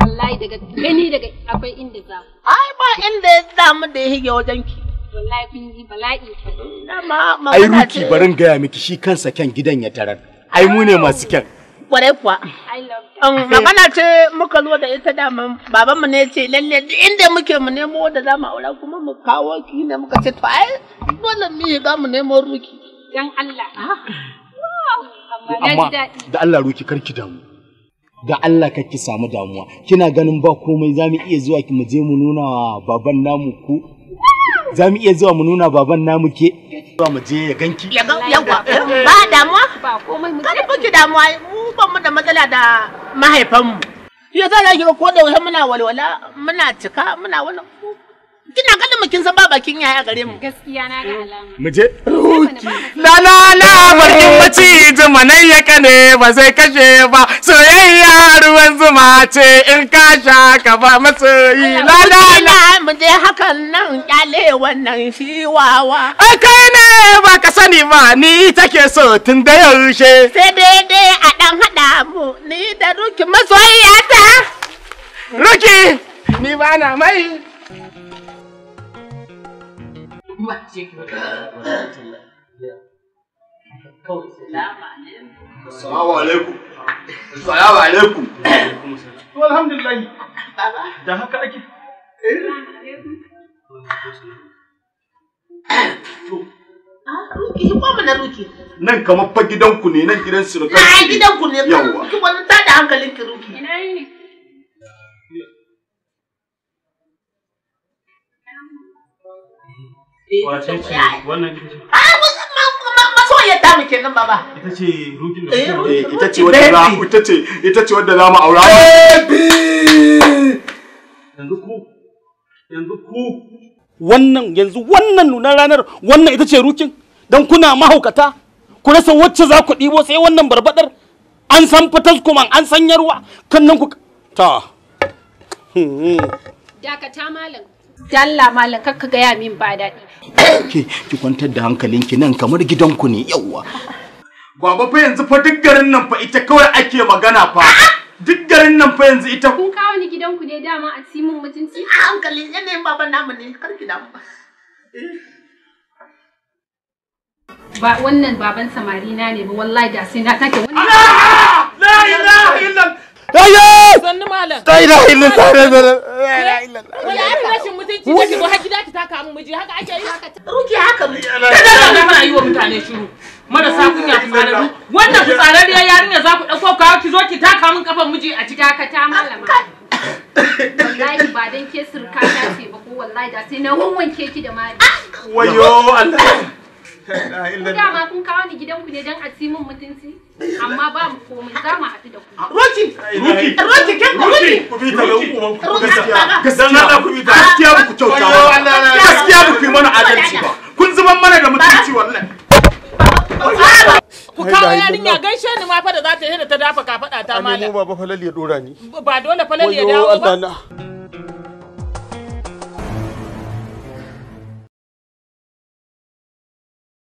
wallahi daga gani daga akwai inda za ku ai ba inda ya mu da ya hige wajen ki wallahi kun yi bala'i ai ruki barin gaya miki shi kansa kyan gidan ya tarar ai mu ne masu kyan kwarai kuwa um, magana ce muka zo da ita da baban mu ne ce lalle inda muke mu nemo da za mu aura kuma mu kawo ki ne muka ce to ai dole mu yi ga mu nemo ruki dan Allah ah. amma da Allah ruki karki damu ga Allah kake samu damuwa kina ganin ba komai za mu iya zuwa ki mu je mu nuna wa baban namu ku za mu iya zuwa mu nuna baban namu ke zuwa mu je ya ganki ya ga yawa ba damuwa ba komai mu kada kuke damuwa mu ban mu da matsala da mahaifan mu ya za ki ga ko da wai muna walwala muna cika muna wannan kina ganin mu kin san ba bakin yaya gare mu gaskiya na ga alama mu je la la la barkin maci zuma nan ya kane ba sai kashe ba soyayya ruwan zuma ce in ka sha ka ba yi la la la mu je hakan nan kyale wannan shi wawa kai ne ba ka sani ba ni take so tun da yaushe sai daidai a dan hada mu ni da ruki masoyiyata ruki ni ba na mai masjid assalamu alaikum assalamu alaikum alhamdulillah da haka ah, Ruki, kamar fa gidanku ne, nan gidan surukan. Na gidanku ne, ki wani tada hankalin Ruki. Eh, Wace ce wannan ita ce? masoyar ah, ta mu kenan baba. Ita ce rukin da eh, ita ce wadda za ita ce mu aura. Yanzu ku yanzu ku wannan yanzu wannan nunar ranar wannan ita ce rukin don kuna mahaukata ku rasa wacce za ku ɗibo sai wannan barbadar an san fitas kuma an san yarwa kan nan ku ta dakata malam Dalla malam kakka gaya min ba daɗi. Ki ki kwantar da hankalinki nan kamar gidanku ne yawwa. Baba fa yanzu fa duk garin nan fa ita kawai ake magana fa. Ah! Duk garin nan fa yanzu ita. Kun kawo ni gidanku ne dama a simin mutunci. A hankali yanayin baban namu ne kar ki damu. Ba wannan baban samari na ne ba wallahi da sai na take wannan. La ilaha illallah. Yaya! Sannu malam. Ta ila illa ta ila ta ila illa. Wala aka rashin mutunci ta shigo har gida ki taka mu miji haka ake yi haka. Ruki haka mu. Kada ga muna yi wa mutane shiru. Marasa kunya fitsararru. Wannan fitsararriyar yarinya za ku ɗauko kawo ki zo ki taka min kafan miji a ciki haka ta malama. wallahi ba dan ke surka ta ce ba ko wallahi da sai na wanwanke ki da mari. Wayo Allah. ma kun kawo ni gidanku ne don a ci mun mutunci amma ba mu komai za mu haɗu da ku. Roki! Roki! Roki! Roki! Ku bi ta da hukuman ku gaskiya. Gaskiya na ku bi ta gaskiya ku kyauta ba. Gaskiya ku yi mana adalci ba. Kun zuban mana da mutunci wallahi. Ku kawo yarinya gaishe ni ma fa da za ta yi da ta dafa kafaɗa ta malam. Ani mu baba falal ya dora ni. Ba dole falal ya dawo ba.